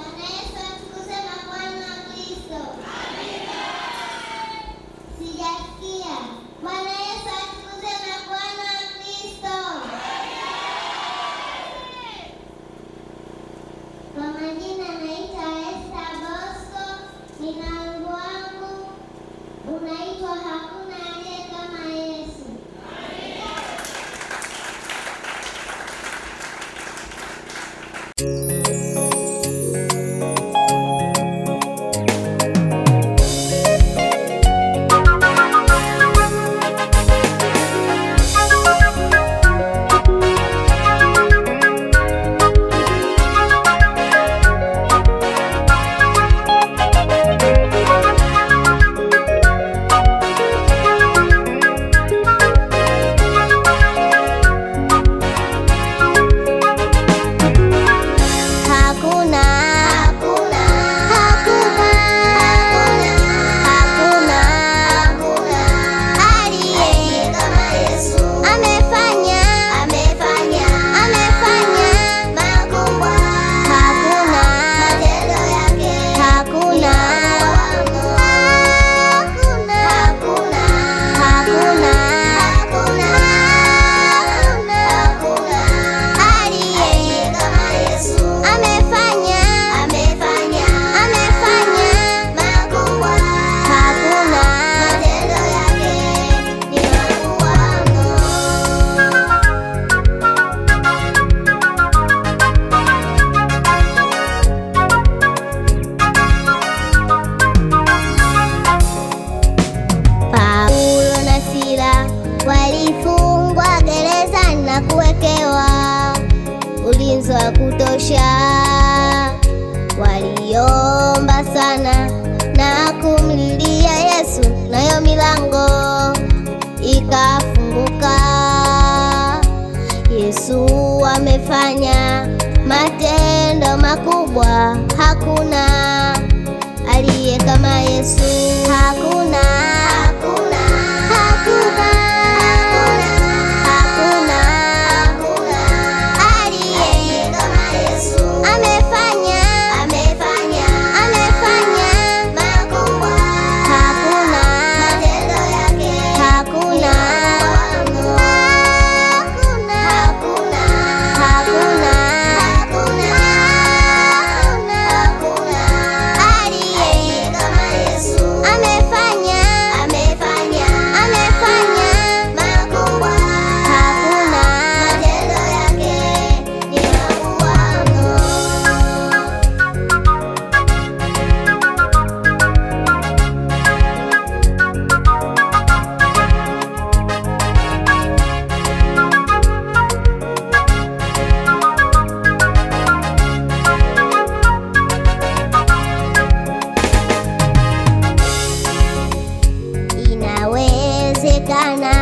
Bwana Yesu atukuzwe na Bwana Kristo. Amina. Sijasikia. Bwana kuwekewa ulinzi wa kutosha. Waliomba sana na kumlilia Yesu, nayo milango ikafunguka. Yesu amefanya matendo makubwa, hakuna ঠিকানা